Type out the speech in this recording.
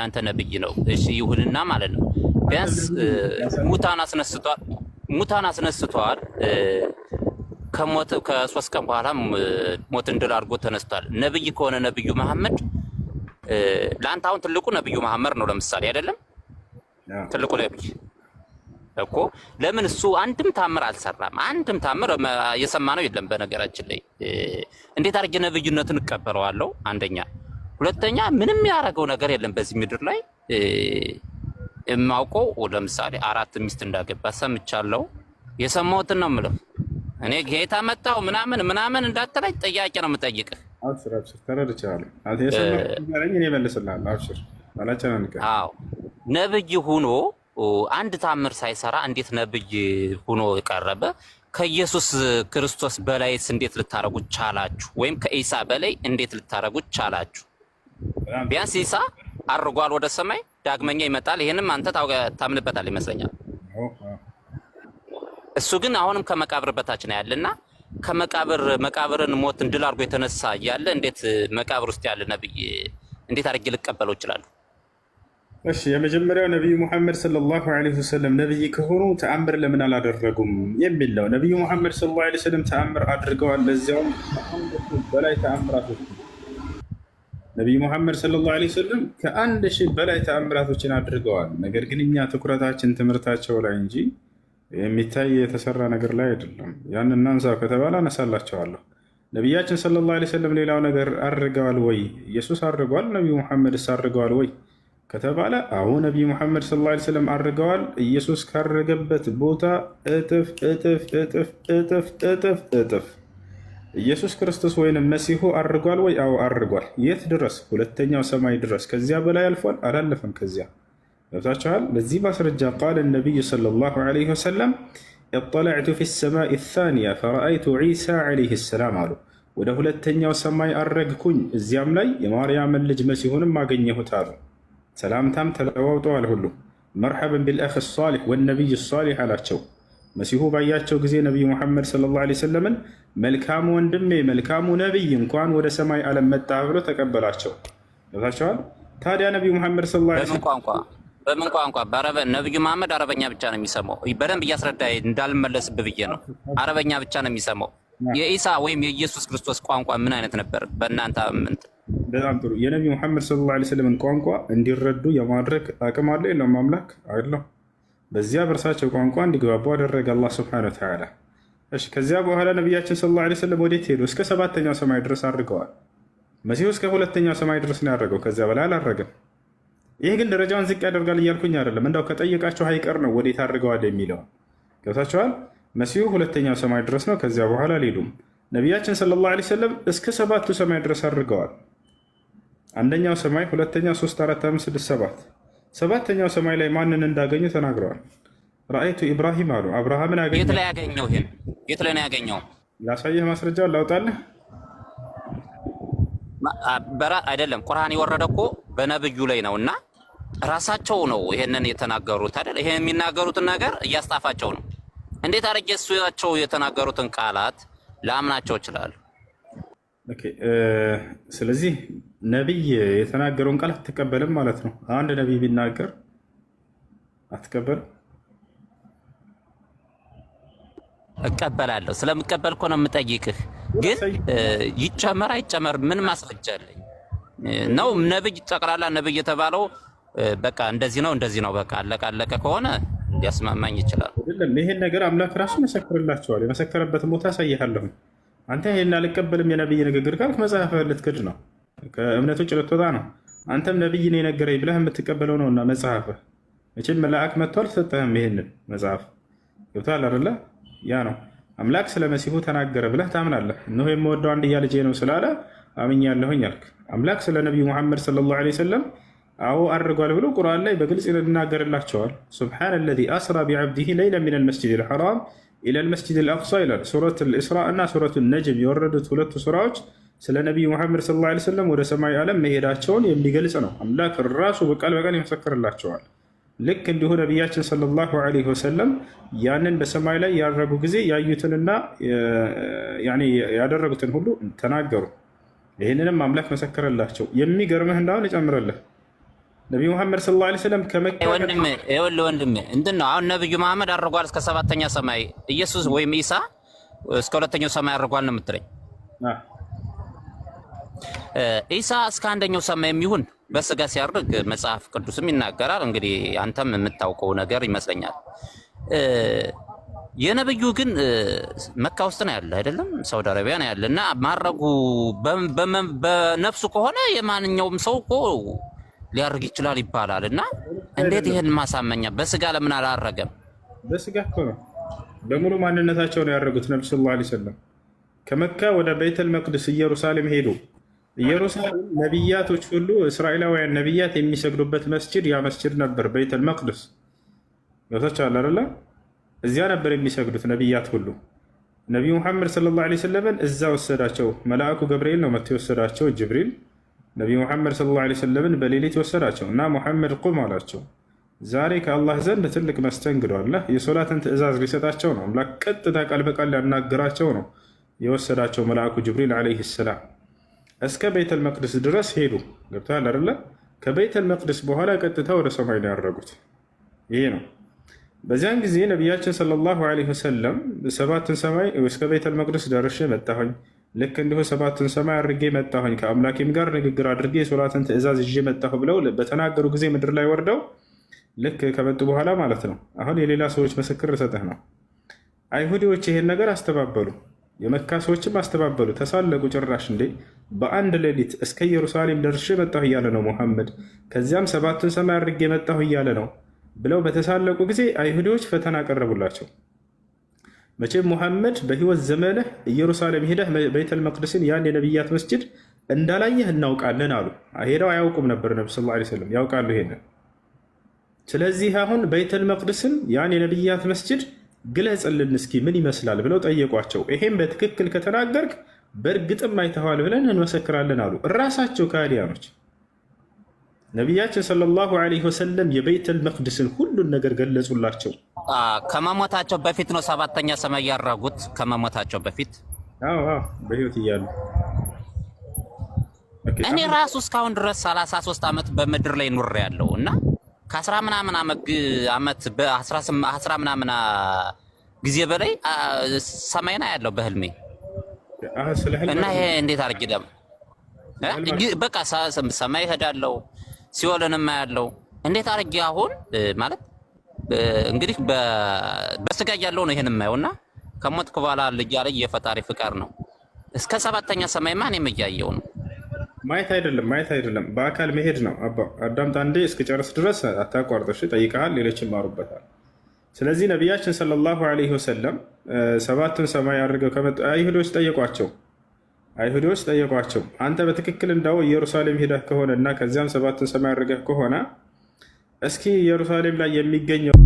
እናንተ ነብይ ነው። እሺ ይሁንና ማለት ነው ቢያንስ ሙታን አስነስቷል፣ ሙታን አስነስቷል። ከሞት ከሶስት ቀን በኋላ ሞትን ድል አድርጎ ተነስቷል። ነብይ ከሆነ ነብዩ መሐመድ ለአንተ አሁን ትልቁ ነብዩ መሐመድ ነው ለምሳሌ አይደለም ትልቁ ነብይ እኮ ለምን እሱ አንድም ታምር አልሰራም? አንድም ታምር የሰማ ነው የለም። በነገራችን ላይ እንዴት አድርጌ ነብዩነቱን እቀበለዋለሁ? አንደኛ ሁለተኛ ምንም ያደረገው ነገር የለም በዚህ ምድር ላይ የማውቀው ለምሳሌ አራት ሚስት እንዳገባ ሰምቻለሁ። የሰማሁትን ነው የምለው። እኔ ጌታ መጣው ምናምን ምናምን እንዳትለኝ ጥያቄ ነው የምጠይቅህ። አብሽር አብሽር፣ ተረድቻለሁ። እኔ እመልስልሃለሁ። አብሽር ተረድቻለሁ እኔ እመልስልሃለሁ አብሽር አዎ ነብይ ሁኖ አንድ ታምር ሳይሰራ እንዴት ነብይ ሁኖ ቀረበ? ከኢየሱስ ክርስቶስ በላይስ እንዴት ልታረጉት ቻላችሁ? ወይም ከኢሳ በላይ እንዴት ልታረጉት ቻላችሁ? ቢያንስ ይሳ አርጓል ወደ ሰማይ ዳግመኛ ይመጣል። ይህንም አንተ ታምንበታል ይመስለኛል። እሱ ግን አሁንም ከመቃብር በታች ነው ያለና ከመቃብር መቃብርን ሞት እንድል አድርጎ የተነሳ እያለ እንዴት መቃብር ውስጥ ያለ ነብይ እንዴት አድርጌ ልቀበለው ይችላሉ? እሺ የመጀመሪያው ነቢዩ ሙሐመድ ሰለላሁ ዐለይሂ ወሰለም ነቢይ ከሆኑ ተአምር ለምን አላደረጉም የሚል ነው። ነቢዩ ሙሐመድ ሰለላሁ ዐለይሂ ወሰለም ተአምር አድርገዋል። ለዚያውም በላይ ተአምራቶች ነቢይ ሙሐመድ ሰለላሁ ዓለይሂ ወሰለም ከአንድ ሺህ በላይ ተአምራቶችን አድርገዋል። ነገር ግን እኛ ትኩረታችን ትምህርታቸው ላይ እንጂ የሚታይ የተሰራ ነገር ላይ አይደለም። ያን እናንሳ ከተባለ አነሳላቸዋለሁ። ነቢያችን ሰለላሁ ዓለይሂ ወሰለም ሌላው ነገር አድርገዋል ወይ? ኢየሱስ አድርገዋል፣ ነቢዩ ሙሐመድስ አድርገዋል ወይ ከተባለ አሁ ነቢይ ሙሐመድ ሰለላሁ ዓለይሂ ወሰለም አድርገዋል። ኢየሱስ ካረገበት ቦታ እጥፍ እጥፍ እጥፍ እጥፍ እጥፍ እጥፍ ኢየሱስ ክርስቶስ ወይንም መሲሁ አድርጓል ወይ? አዎ አድርጓል። የት ድረስ? ሁለተኛው ሰማይ ድረስ። ከዚያ በላይ አልፏል? አላለፈም። ከዚያ ገብታችኋል። በዚህ ማስረጃ ቃል ነቢዩ ሰለላሁ ዐለይሂ ወሰለም እጠለዕቱ ፊ ሰማይ ታንያ ፈረአይቱ ዒሳ ዐለይሂ ሰላም አሉ። ወደ ሁለተኛው ሰማይ አረግኩኝ፣ እዚያም ላይ የማርያምን ልጅ መሲሁንም አገኘሁት አሉ። ሰላምታም ተለዋውጠዋል። ሁሉ መርሐበን ቢልአኽ ሷሊሕ ወነቢይ ሷሊሕ አላቸው። መሲሁ ባያቸው ጊዜ ነቢይ ሙሐመድ ሰለላሁ ዓለይሂ ወሰለምን መልካሙ ወንድሜ መልካሙ ነቢይ እንኳን ወደ ሰማይ ዓለም መጣ ብሎ ተቀበላቸው። ገብታችኋል? ታዲያ ነቢይ ሙሐመድ በምን ቋንቋ? ነቢዩ መሐመድ አረበኛ ብቻ ነው የሚሰማው። በደንብ እያስረዳ እንዳልመለስብ ብዬ ነው። አረበኛ ብቻ ነው የሚሰማው። የኢሳ ወይም የኢየሱስ ክርስቶስ ቋንቋ ምን አይነት ነበር? በእናንተ ምንት በጣም ጥሩ። የነቢዩ ሙሐመድ ሰለላሁ ዓለይሂ ወሰለምን ቋንቋ እንዲረዱ የማድረግ አቅም አለ የለውም? አምላክ አለው። በዚያ በእርሳቸው ቋንቋ እንዲግባቡ አደረገ አላህ ስብሐነሁ ወተዓላ። እሺ ከዚያ በኋላ ነቢያችን ሰለላሁ ዐለይሂ ወሰለም ወዴት ሄዱ? እስከ ሰባተኛው ሰማይ ድረስ አድርገዋል። መሲሁ እስከ ሁለተኛው ሰማይ ድረስ ነው ያደረገው። ከዚያ በላይ አላረገም። ይህ ግን ደረጃውን ዝቅ ያደርጋል እያልኩኝ አይደለም። እንዳው ከጠየቃቸው ሀይቀር ነው ወዴት አድርገዋል የሚለውን ገብታቸዋል። መሲሁ ሁለተኛው ሰማይ ድረስ ነው። ከዚያ በኋላ አልሄዱም። ነቢያችን ሰለላሁ ዐለይሂ ወሰለም እስከ ሰባቱ ሰማይ ድረስ አድርገዋል። አንደኛው ሰማይ፣ ሁለተኛ፣ ሶስት፣ አራት፣ አምስት፣ ስድስት፣ ሰባት ሰባተኛው ሰማይ ላይ ማንን እንዳገኙ ተናግረዋል። ራአይቱ ኢብራሂም አሉ። አብርሃምን አገኘ። የት ላይ ያገኘው? ይሄን የት ላይ ነው ያገኘው? ላሳየህ፣ ማስረጃ ላውጣልህ። በራ አይደለም ቁርአን የወረደ እኮ በነብዩ ላይ ነው እና ራሳቸው ነው ይሄንን የተናገሩት አይደል? ይሄን የሚናገሩትን ነገር እያስጣፋቸው ነው። እንዴት አድርጌ እሳቸው የተናገሩትን ቃላት ላምናቸው እችላለሁ? ስለዚህ ነቢይ የተናገረውን ቃል አትቀበልም ማለት ነው። አንድ ነቢይ ቢናገር አትቀበልም? እቀበላለሁ። ስለምቀበል እኮ ነው የምጠይቅህ። ግን ይጨመር አይጨመር ምን ማስረጃ አለኝ? ነው ነብይ ጠቅላላ ነብይ የተባለው በቃ እንደዚህ ነው እንደዚህ ነው በቃ አለቀ አለቀ ከሆነ እንዲያስማማኝ ይችላል። ይህን ነገር አምላክ ራሱ መሰክርላቸዋል። የመሰከረበትን ቦታ አሳይሃለሁ። አንተ ይህን አልቀበልም የነብይ ንግግር ካልክ መጽሐፍ ልትክድ ነው፣ ከእምነት ውጭ ልትወጣ ነው። አንተም ነብይን የነገረኝ ብለህ የምትቀበለው ነው እና መጽሐፍ መቼም መልአክ መጥቶ አልሰጠህም። ይህንን መጽሐፍ ገብቶሃል አይደለ? ያ ነው አምላክ ስለ መሲሁ ተናገረ ብለህ ታምናለህ። እነሆ የምወደው አንድያ ልጄ ነው ስላለ አምኛለሁኝ አልክ። አምላክ ስለ ነቢዩ ሙሐመድ ሰለላሁ ዐለይሂ ወሰለም አዎ አድርጓል ብሎ ቁርአን ላይ በግልጽ ይናገርላቸዋል። ሱብሓነ ለዚ አስራ ቢዐብዲሂ ለይለን ሚነል መስጂዲል ሐራም ኢለል መስጂድ አልአቅሳ ይላል። ሱረት ልእስራ እና ሱረቱ ነጅም የወረዱት ሁለቱ ስራዎች ስለ ነቢዩ ሙሐመድ ሰለላሁ ዓለይሂ ወሰለም ወደ ሰማይ ዓለም መሄዳቸውን የሚገልጽ ነው። አምላክ ራሱ በቃል በቃል ይመሰክርላቸዋል። ልክ እንዲሁ ነቢያችን ሰለላሁ ዓለይሂ ወሰለም ያንን በሰማይ ላይ ያረጉ ጊዜ ያዩትንና ያደረጉትን ሁሉ ተናገሩ። ይህንንም አምላክ መሰከረላቸው። የሚገርምህ እንዳሁን ይጨምርልህ ነቢ መሐመድ ስለ ላ ስለም ከመወንድም ወል ወንድም እንትን ነው አሁን ነቢዩ መሐመድ አድርጓል እስከ ሰባተኛ ሰማይ ኢየሱስ ወይም ኢሳ እስከ ሁለተኛው ሰማይ አድርጓል ነው የምትለኝ። ኢሳ እስከ አንደኛው ሰማይ የሚሆን በስጋ ሲያርግ መጽሐፍ ቅዱስም ይናገራል። እንግዲህ አንተም የምታውቀው ነገር ይመስለኛል። የነብዩ ግን መካ ውስጥ ነው ያለ አይደለም፣ ሳውዲ አረቢያ ነው ያለ እና ማረጉ በነፍሱ ከሆነ የማንኛውም ሰው እኮ ሊያርግ ይችላል ይባላል እና እንዴት ይህን ማሳመኛ በስጋ ለምን አላረገም? በስጋ እኮ ነው በሙሉ ማንነታቸው ነው ያደረጉት። ነቢ ስ ላ ሰለም ከመካ ወደ ቤተል መቅድስ ኢየሩሳሌም ሄዱ። ኢየሩሳሌም ነቢያቶች ሁሉ እስራኤላውያን ነቢያት የሚሰግዱበት መስጅድ ያ መስጅድ ነበር፣ ቤተል መቅድስ ገብታችኋል አይደለ? እዚያ ነበር የሚሰግዱት ነቢያት ሁሉ። ነቢዩ ሙሐመድ ስለ ላ ወሰለምን እዛ ወሰዳቸው። መልአኩ ገብርኤል ነው መጥቶ የወሰዳቸው ጅብሪል ነቢ ሙሐመድ ሰለላሁ ዓለይሂ ወሰለምን በሌሊት ወሰዳቸው እና ሙሐመድ ቁም አላቸው። ዛሬ ከአላህ ዘንድ ትልቅ መስተንግዶ አለ። የሶላትን ትእዛዝ ሊሰጣቸው ነው። አምላክ ቀጥታ ቃል በቃል ሊያናግራቸው ነው የወሰዳቸው መልአኩ ጅብሪል ዓለይሂ ሰላም እስከ ቤተል መቅድስ ድረስ ሄዱ። ገብተሃል አይደለ? ከቤተል መቅድስ በኋላ ቀጥታ ወደ ሰማይ ነው ያደረጉት። ይሄ ነው። በዚያን ጊዜ ነቢያችን ሰለላሁ ዓለይሂ ወሰለም ሰባትን ሰማይ እስከ ቤተል መቅደስ ደርሼ መጣሁኝ ልክ እንዲሁ ሰባቱን ሰማይ አድርጌ መጣሁኝ ከአምላኬም ጋር ንግግር አድርጌ የሶላትን ትእዛዝ ይዤ መጣሁ ብለው በተናገሩ ጊዜ ምድር ላይ ወርደው ልክ ከመጡ በኋላ ማለት ነው። አሁን የሌላ ሰዎች ምስክር ሰጠህ ነው። አይሁዲዎች ይሄን ነገር አስተባበሉ፣ የመካ ሰዎችም አስተባበሉ፣ ተሳለቁ። ጭራሽ እንዴ በአንድ ሌሊት እስከ ኢየሩሳሌም ደርሼ መጣሁ እያለ ነው ሙሐመድ። ከዚያም ሰባቱን ሰማይ አድርጌ መጣሁ እያለ ነው ብለው በተሳለቁ ጊዜ አይሁዲዎች ፈተና ቀረቡላቸው። መቼም ሙሐመድ በህይወት ዘመንህ ኢየሩሳሌም ሄደህ ቤተል መቅደስን ያን የነቢያት መስጅድ እንዳላየህ እናውቃለን አሉ። ሄደው አያውቁም ነበር ነቢ ስ ሰለም ያውቃሉ ይሄንን። ስለዚህ አሁን ቤተል መቅደስን ያን የነቢያት መስጅድ ግለጽልን እስኪ ምን ይመስላል ብለው ጠየቋቸው። ይሄም በትክክል ከተናገርክ በእርግጥም አይተኸዋል ብለን እንመሰክራለን አሉ እራሳቸው ከሃዲያኖች። ነቢያችን ሰለላሁ ዐለይሂ ወሰለም የቤተል መቅደስን ሁሉን ነገር ገለጹላቸው። ከመሞታቸው በፊት ነው ሰባተኛ ሰማይ ያረጉት። ከመሞታቸው በፊት በህይወት እያሉ እኔ ራሱ እስካሁን ድረስ 33 ዓመት በምድር ላይ ኑሬ ያለው እና ከአስራ ምናምን ዓመት በአስራ ምናምን ጊዜ በላይ ሰማይና ያለው በህልሜ እና ይሄ እንዴት አድርጌ ደግሞ በቃ ሰማይ እሄዳለሁ ሲወለንማ ያለው እንዴት አድርጌ አሁን ማለት እንግዲህ በስጋ ያለው ነው ይሄን የማየውና ከሞትኩ በኋላ ልጅ የፈጣሪ ፍቃድ ነው። እስከ ሰባተኛ ሰማይ ማን የምያየው ነው። ማየት አይደለም ማየት አይደለም በአካል መሄድ ነው። አባ አዳምጥ አንዴ እስክጨርስ ድረስ አታቋርጠሽ። ጠይቀሃል፣ ሌሎች ይማሩበታል። ስለዚህ ነቢያችን ሰለላሁ አለይሂ ወሰለም ሰባቱን ሰማይ አድርገው ከመጡ አይሁዶች ጠየቋቸው አይሁዶች ጠየቋቸው አንተ በትክክል እንዳው ኢየሩሳሌም ሄደህ ከሆነ እና ከዚያም ሰባቱን ሰማይ አድርገህ ከሆነ እስኪ ኢየሩሳሌም ላይ የሚገኘው